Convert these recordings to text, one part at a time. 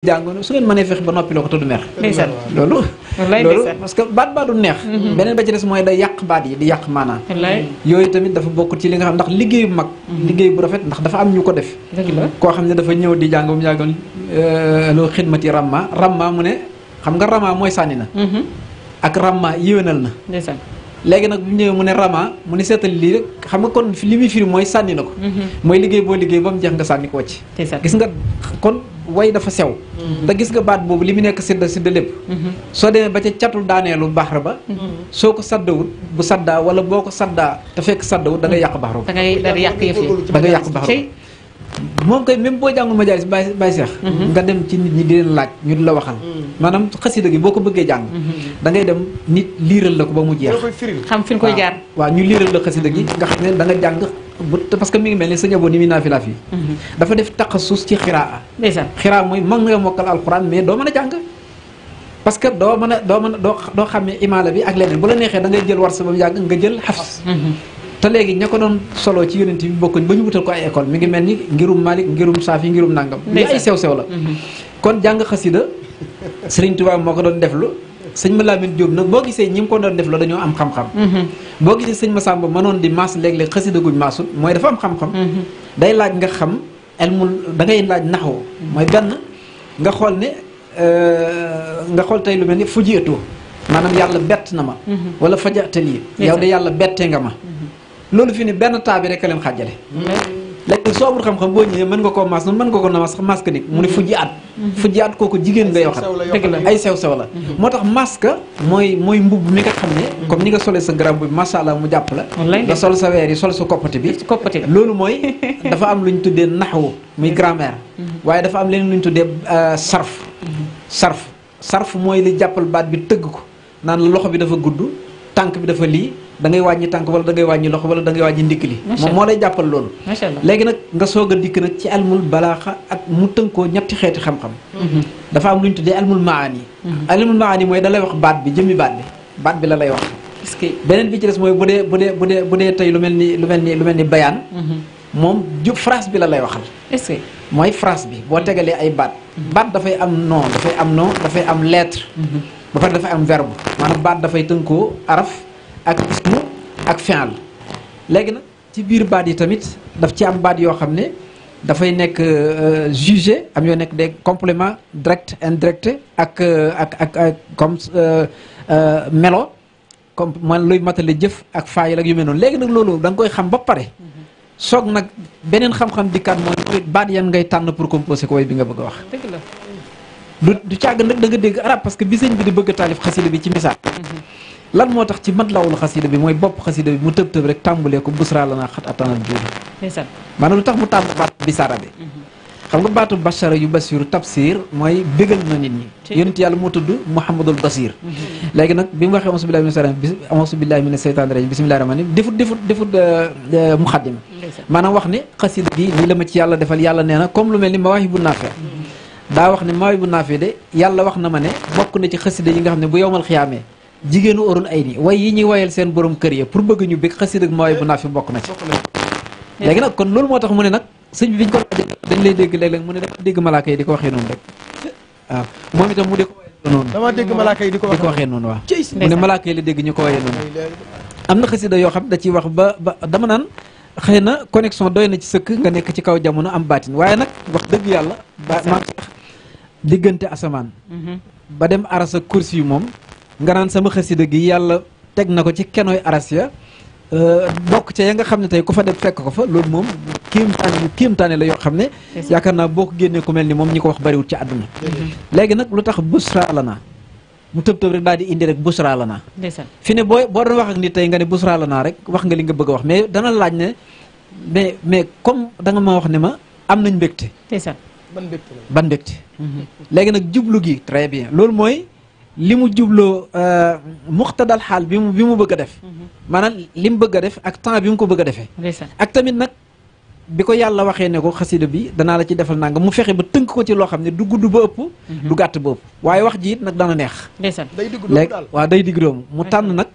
jàngoon su ngeen mënee fexe ba noppi loolu loolu parce que baat baatu neex mhm. beneen ba ci des mooy day yàq baat yi di yàq maanaa yooyu tamit dafa bokk ci li nga xam ndax liggéey bu mag mhm. liggéey bu rafet ndax dafa am ñu ko mu yàggoon euh, loo xidmati ramma ramma mu ne xam nga ramma mooy sànni na mhm. ak ramma yéwénal na léegi nag bu ñëwee mu ne rama mu ne seetal lii rek xam nga kon li muy firi mooy sànni na ko mooy liggéey boo liggéey ba mu jeex nga sànni ko wàcc gis nga kon way dafa sew mm-hmm. te gis nga baat boobu li mu nekk sidda sidda lépp mm-hmm. soo demee ba ca catul daaneelu baxar ba mm-hmm. soo ko saddawut bu saddaa wala boo ko saddaa te fekk saddawut da ngay yàq baxaru da ngay yàq yëf yi da ngay yàq baxaru moom koy même boo jàngul majaalis bàyyi bàyyi seex nga dem ci nit ñi di leen laaj ñu di la waxal maanaam xasida gi boo ko bëggee jàng da ngay dem nit liiral la ko ba mu jeex xam ñu liiral la xasida gi nga xam ne da jàng bu parce que mi ngi mel ni sa Abo ni muy naa fi laa fi mhm. dafa def taxasus ci xiraa xiraa mooy mën nga mokkal alxuraan mais doo mën a jàng parce que doo man a doo mën a doo doo xamee imaala bi ak leneen bu la neexee da ngay jël warsa ba mu yàgg nga jël xafs mhm. te léegi ña ko doon solo ci yonent bi bokkuñ ba ñu wutal ko ay école mi ngi mel ni ngirum Malik ngirum Saafi ngirum nangam li ay sew sew la mhm. moo ko doon deflu sëñ ma Lamine Diop nag boo gisee ñi mu ko doon def la dañoo am xam-xam mhm. boo gisee sëñ ma Samba mënoon di maas léeg-léeg xasida guñ maasul mooy dafa am xam-xam mhm. day laaj nga xam elmul da ngay laaj naxu mooy benn nga xool ne euh, nga xool tey lu mel ni fu jiitu maanaam yàlla bett na ma mhm. wala fajatal yi yow de yàlla bettee nga ma loolu fi ne benn taa bi a leen xàjjale léegi soo amul xam-xam boo ñëwee mën nga koo maas noonu mën nga ko namas masque nit mu ne mm-hmm. fujji at mm-hmm. fujji at kooku jigéen ngay waxat ay sew sew la mm-hmm. moo tax masque mooy mooy mbubb mi nga xam ne comme ni nga solee sa garab bi masha Allah mu jàpp la nga sol sa weer yi sol sa koppati bi loolu mooy dafa am lu ñu tuddee naxwu muy grammaire waaye dafa am leen lu ñu tuddee euh, sarf sarf sarf mooy li jàppal baat bi tëgg ko naan la loxo bi dafa gudd tànk bi dafa lii dangay ngay wàññi tànk wala da ngay wàññi loxo wala da ngay wàññi ndikk li moom moo lay jàppal loolu léegi nag nga soog a dikk nag ci almul balaaxa ak mu tënkoo ñetti xeeti xam-xam mhm. dafa am lu ñu tuddee almul maani mhm. almul maani mooy da lay wax baat bi jëmmi baat bi baat bi la lay wax beneen bi ci des mooy bu dee bu dee bu dee bu dee tey lu mel ni lu mel ni lu mel ni bayaan mhm. moom ju phrase bi la lay waxal est mooy phrase bi boo tegalee ay baat baat dafay am nom am nom dafay am lettre ba pare dafay am verbe maanaam dafay tënkoo araf ak ismu ak fi'l léegi nag ci biir baat yi tamit daf ci am baat yoo xam ne dafay nekk euh, jugé am yoo nekk de complement direct indirect ak euh, ak ak ak comme euh, melo comme man luy matale jëf ak faayil ak yu mel léegi nag loolu da nga koy xam ba pare mm-hmm. soog nag beneen xam-xam dikkaat mooy baat yan ngay tànn pour composer koo bi nga bëgg a wax. du du càgg nag da nga dégg arab parce que bi sëñ bi di bëgg a taalif bi ci misaal mhm. lan moo tax ci mat lawul xasida bi mooy bopp xasida bi mu tëb tëb rek tàmbalee ko busra la naa xat atanal juudu maanaam lu tax mu tàmm baat bisaara bi mhm. xam nga baatu bachara yu basiru tafsir mooy bégal na nit ñi yonent yàlla moo tudd mouhamadul basir mhm. léegi nag bi mu waxee amosu billahi min sara bis billahi min seytaani rajim bismillahi rahmani defut defut defut euh, euh, muxaddima maanaam wax ne xasida bi lii la ma ci niana defal yàlla nee comme lu daa wax ne maawi bu naafi de yàlla wax na ma ne bokk na ci xasida yi nga xam ne bu yowmal xiyaamee jigéenu orun ay ni way yi ñuy wayal seen borom kër ya pour bëgg ñu bëgg xasida ak maawi bu naafi bokk na ci léegi kon loolu moo tax mu ne nag sëñ bi ko dañ lay dégg léeg-léeg mu ne dafa dégg malaaka di ko waxee noonu rek waaw moom itam noonu dama dégg malaaka yi di ko waxee noonu waaw mu ne malaaka yi la dégg ñu ko wayee noonu am na xasida yoo xam da ciy wax ba ba dama naan xëy na connexion doy na ci sëkk nga nekk ci kaw jamono am baatin waaye nag wax dëgg yàlla diggante asamaan mhm. ba dem arasa kursi yu moom nga naan sama xasida gi yàlla teg na ko ci kenooy aras ya euh, bokk ca ya nga xam ne tey ku fa dem fekk ko fa loolu moom kéemtaane kéemtaane la yoo xam ne yaakaar naa boo ko génnee ku mel ni moom ñi ko wax bariwut ci àdduna mhm. léegi nag lu tax busra la naa mu tëb tëb rek daal di indi rek busra la naa fi ne boo boo doon wax ak nit tey nga ne busra la naa rek wax nga li nga bëgg a wax mais dana laaj ne mais mais comme da nga wax ne ma am nañ mbégte ban mbégte ban mbégte. léegi nag jublu gi très bien loolu mooy li mu jubloo muxtadal xaal bi mu bi mu bëgg a def. maanaam li mu bëgg a def ak temps bi mu ko bëgg a defee. ak tamit nag bi ko yàlla waxee ne ko xasida bi danaa la ci defal nangam mu fexe ba tënk ko ci loo xam ne du gudd ba ëpp. du gàtt ba ëpp waaye wax ji it nag dana neex. day digg doomu daal léegi waaw day digg doomu mu tànn nag.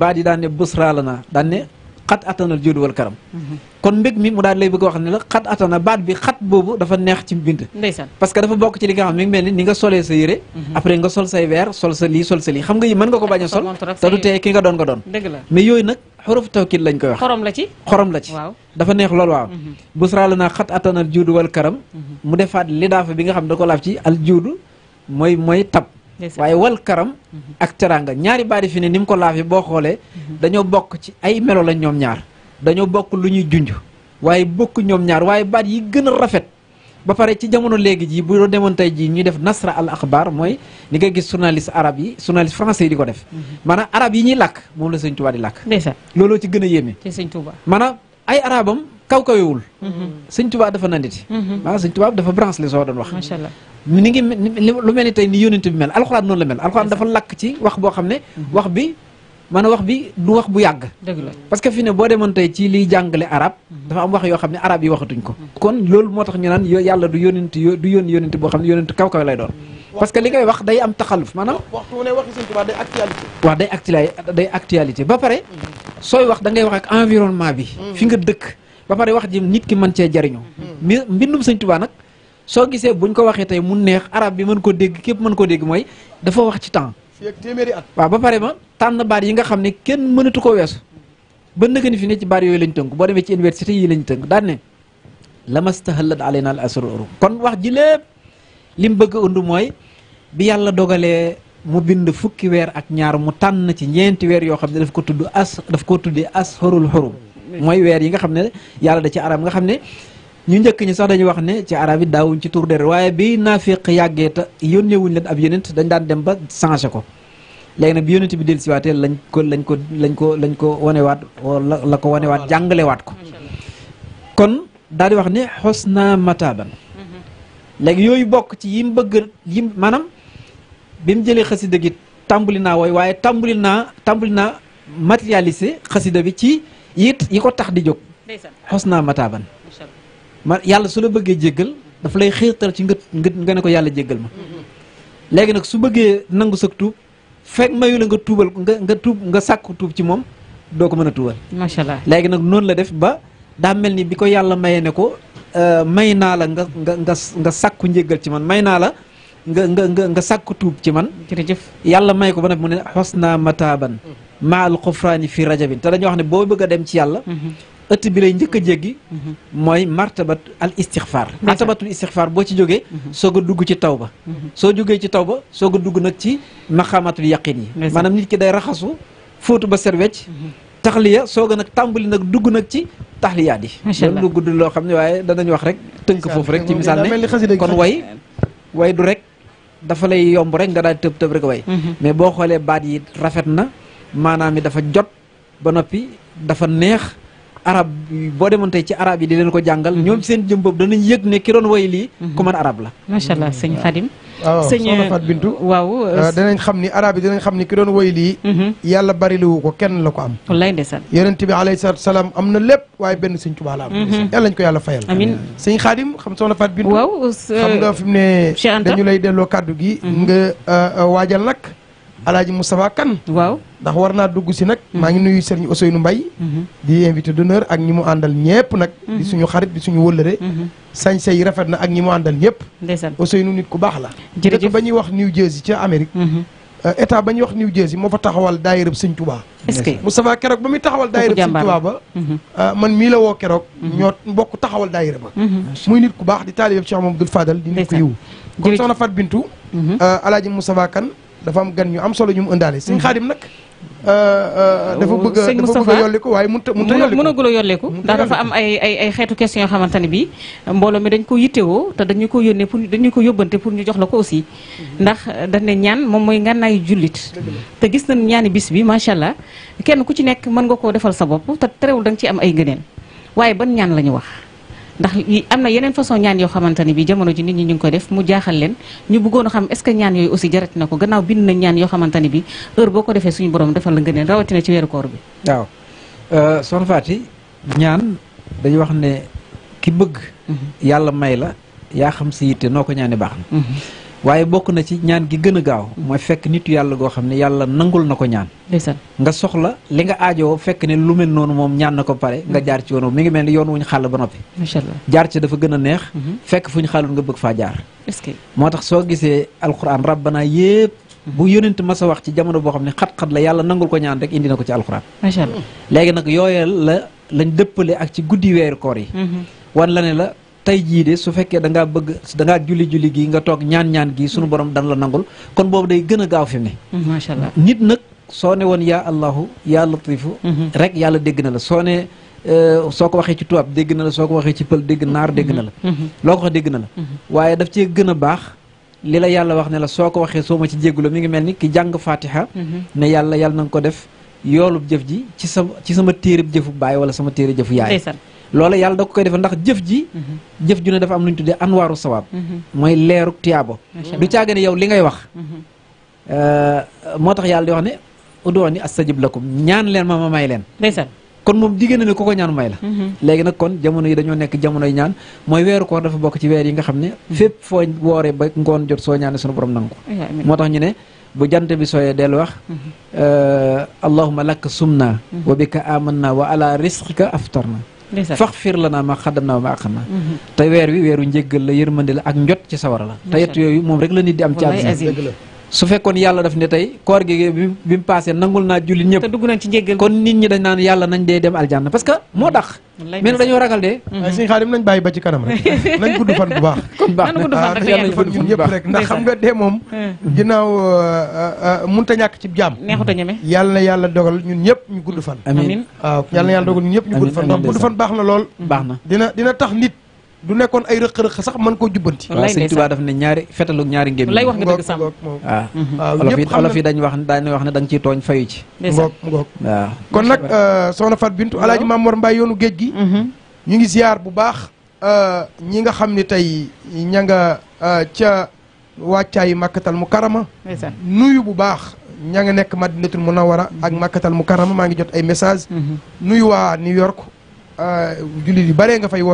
baa di daan ne busra la naa daan ne xat atana joodu wal kon mbég mi mu daal lay bëgg a wax ne la xat atana baat bi mu defaat li bi nga xam da ko laaf ci al mooy mooy tab waaye wal karam ak teraanga ñaari baari fi ne ni mu ko laafee boo xoolee mhm. dañoo bokk ci ay melo la ñoom ñaar dañoo bokk lu ñuy junj waaye bokk ñoom ñaar waaye baat yi gën a rafet ba pare ci jamono léegi jii bu demoon tey jii ñuy def nasra al axbar mooy ni nga gis journaliste arab yi journaliste français yi di ko def mhm. maanaam arab yi ñuy làkk moom la sëñ Tuubaa di làkk looloo ci gën a yéeme maanaam ay arabam kaw kawewul mhm. sëñ tubaab dafa nanditi maanaam ah, sëñ tubaab dafa branche li soo doon wax ni ngi lu mel ni tey ni yónent bi mel alxuraan noonu la mel alxuraan dafa lakk ci wax boo xam ne mhm. wax bi maanaam wax bi du wax bu yàgg parce que fi ne boo demoon ci liy jàngale arab mhm. dafa am wax yoo xam ne arab yi waxatuñ ko kon loolu moo tax ñu naan yo yàlla du yónent du yónni yónent boo xam ne yónent kaw lay doon parce que li ngay wax day am taxaluf maanaam waxtu ne waxi sëñ tubaab ba pare sooy wax da ngay wax ak bi fi nga ba pare wax ji nit ki mën cee jariñu mm-hmm. mbindum sëñ Tuubaa nag soo gisee buñ ko waxee tey mu neex arab bi mën koo dégg képp mën koo dégg mooy dafa wax ci temps téeméeri at waaw ba pare ma tànn baat yi nga xam ne kenn mënatu ko weesu ba nëgë ni fi ne ci baat yooyu lañ tënk boo demee ci université yi lañ tënk daan ne lamastahalat alayna al asrur kon wax ji lépp li mu bëgg und mooy bi yàlla dogalee mu bind fukki weer ak ñaar mu tànn ci ñeenti weer yoo xam ne daf ko tudd as daf ko tuddee ashurul xurum mooy weer yi nga xam ne yàlla da ci arab nga xam ne ñu njëkk ñu sax dañu wax ne ci arab yi daawuñ ci tur der waaye bi naafiq yàggee te yónneewuñ leen ab yonent dañ daan dem ba changé ko léegi nag bi yonent bi dellusiwaatee lañ ko lañ ko lañ ko lañ ko wanewaat la la ko jàngale waat ko kon daal di wax ne xusna mataban léegi yooyu bokk ci yi yim bëgg yi maanaam bi mu jëlee xasida gi tàmbali naa wooy waaye tàmbali naa tàmbali naa matérialiser xasida bi it yi ko tax di jóg xos naa mataaban ma yàlla su la bëggee jéggal daf lay xiirtal ci ngët ngët nga ne ko yàlla jéggal ma mm-hmm. léegi nag su bëggee nangu sag tuub fekk mayu la nga tuubal nga nga tuub nga sàkku tuub ci moom doo ko mën a tuubal macha allah léegi nag noonu la def ba daa mel ni bi ko yàlla mayee ne ko euh, may naa la nga nga nga nga sàkku njéggal ci man may naa la nga nga nga nga sàkku tuub ci man jërëjëf yàlla may ko ba nag mu ne xos naa mataaban mm-hmm. ma al xufraani fi rajabin te dañuy wax ne boo bëgg a dem ci yàlla mhm. ëtt bi lay njëkk a jéggi mhm. mooy martabat al istixfaar martabatul istixfaar boo ci jógee mhm. soog a dugg ci taw ba soo jógee ci taw ba soog a dugg nag ci maqaamatul yaqin yi maanaam nit ki day raxasu fóotu ba set wecc taxliya soog a nag tàmbali nag dugg nag ci taxliyaat yi loolu lu gudd loo xam ne waaye danañ wax rek tënk foofu rek ci misaal ne kon way way du rek dafa lay yomb rek nga daal tëb tëb rek way maanaam dafa jot ba noppi dafa neex arab boo demoon tey ci arab yi di leen ko jàngal ñoom seen jëm boobu danañ yëg ne ki doon woy lii ku la macha allah sëñ mm-hmm. Khadim ah, waaw euh, waaw euh, euh, danañ xam ni arab yi danañ xam ni ki doon woy lii mm-hmm. yàlla bariliwu ko kenn la ko am wallaay ndeysaan yonent bi alayhi am na lépp benn sëñ Tuubaa la am mm-hmm. yàlla nañ ko yàlla fayal amiin sëñ Khadim xam soxna Fat Bintu waaw xam nga fi mu ne dañu lay delloo kàddu gi waajal nag alaaji Moustapha Kane ndax war naa dugg si nag mm-hmm. maa ngi nuyu Serigne Ousseynou Mbaye mm-hmm. di invité d'honneur ak ñi mu àndal ñëpp nag di mm-hmm. suñu xarit di suñu wëllëre sañse yi rafet na ak ñi mu àndal ñëpp ndeysaan Ousseynou nit ku baax la dëkk ba ñuy wax New ca Amérique euh, état ba ñuy wax New Jersey moo fa taxawal daayirab Sëñ Touba est-ce que Moustapha keroog ba muy taxawal daayirab Sëñ Touba ba euh, man mii la woo keroog ñoo bokk taxawal daayira ba muy nit ku baax di taalib Cheikh Mamadou Fadal di nit ku yiw kon soxna Fat Bintou euh, alaaji Moustapha Kane dafa am gan ñu am solo ñu mu ëndaale sëñ Xaadim nag dafa bëgg a dafa bëgg a yolliku waaye mun a mënagul a yolliku ndax dafa am ay ay ay xeetu question yoo xamante ne bii mbooloo mi dañ ko yittewoo te dañu ko yónnee pour dañu ko yóbbante pour ñu jox la ko aussi mhm. ndax dañ ne ñaan moom mooy ngànnaayu jullit te gis nañ ñaani bis bi macha allah kenn ku ci nekk mën nga koo defal sa bopp te terewul da nga ciy am ay ngëneel waaye ban ñaan la ñu wax ndax am na yeneen façon ñaan yoo xamante ne bi jamono ji nit ñi ñu ngi koy def mu jaaxal leen ñu bëggoon a xam est-ce que ñaan yooyu aussi jarat na ko gannaaw bind nañ ñaan yoo xamante ne bi heure boo ko defee suñu borom defal la ngëneel rawatina ci weeru koor bi waaw euh, soxna ñaan dañu wax ne ki bëgg mhm. yàlla may la yaa xam si yitte noo ko ñaane baax na mhm. waaye bokk na ci ñaan gi gën a gaaw mooy fekk nit yàlla goo xam ne yàlla nangul na ko ñaan nga soxla li nga aajoo fekk ne lu mel noonu moom ñaan na ko pare nga jaar ci yoon mi ngi mel ni yoon wuñ xàll ba noppi jaar ci dafa gën a neex mhm. fekk fu ñu xàllul nga bëgg faa jaar moo tax soo gisee alquran rabbana yépp bu mhm. yónent mas a wax ci jamono boo xam ne xat-xat la yàlla nangul ko ñaan rek indi na ko ci alquran léegi nag yooyal la lañ dëppale ak ci guddi weeru koor yi mhm. wan la ne la tey jii de su fekkee dangaa bëgg dangaa ngaa julli julli gi nga toog ñaan ñaan gi suñu borom dan la nangul kon boobu day gën a gaaw fi mu ne. Mm, macha allah nit nag soo ne woon yaa Allahu yaa Latifu. Mm-hmm. rek yàlla dégg na la soo ne euh, soo ko waxee ci tubaab dégg na la soo ko waxee ci pël dégg naar dégg na la. Mm-hmm. Mm-hmm. loo ko wax dégg na la. waaye daf cee gën a baax. li la yàlla wax ne la soo ko waxee soo ma ci la mi ngi mel ni ki jàng fatiha ne yàlla yàlla na nga ko def yoolub jëf ji ci sama ci sama téereb baay wala sama téere jëfu yaay loola yàlla da ko koy defal ndax jëf ji mhm. jëf ju ne dafa am lu ñu tuddee anwaaru sawaab mhm. mooy leeruk tiyaabo du caagane yow li ngay wax mhm. euh, moo tax yàlla di wax ne udooni astajib lakum ñaan leen ma ma may leen ndeysaan kon moom jigéen ne ku ko ñaan may la léegi nag kon jamono yi dañoo nekk jamono ñaan mooy weeru koor dafa bokk ci weer yi nga xam ne fépp foo wooree ba ngoon jot soo ñaane sunu borom nangu ko moo tax ñu ne bu jant bi sooyee dellu wax euh, allahumma laka sumna wa bika amanna wa ala risqika aftarna faxfir la naa ma xaddam naa ma àq na te weer wi weeru njéggal la yërmande la ak njot ci sawara la te yet yooyu moom rek la nit di am ci àddina su fekkoon yàlla daf ne tey koor gi bi bi mu paasee nangul naa jullit ñëpp. te dugg nañ ci njéggal kon nit ñi dañ naan yàlla nañ dee dem aljanna parce que moo tax. mel dañoo ragal de. sëñ Xaadim nañ bàyyi ba ci kanam rek nañ gudd fan bu baax. na ah, yàlla moom. ginnaaw uh, uh, uh, mënut a ñàkk ci jaam. neexut a ñeme yàlla na yàlla dogal ñun ñëpp ñu gudd fan. amiin waaw yàlla na yàlla dogal baax na lool. baax na dina tax nit du nekkon ay rëq-rëq sax man ko jubanti waaw sëñ Tuubaa daf ne ñaari fetal ak ñaari ngéem. lay wax nga deug sam ah. mhm. waaw. ñëpp fi ala fi dañ wax dañ wax ne dang ci togn fayu ci. ngok ngok waaw. kon nak euh, sohna Fat Bintu alaaji Maam Mor Mbaay yoonu gi. Mhm. ñu ngi ziar bu baax. Euh, ñi nga xamni tay tey nga euh, ca wàccaayu nuyu bu baax. ña nga madinatul munawwara ak mhm. makatal mukarrama ma ngi jot ay message nuyu wa New York jullit yu bare nga fay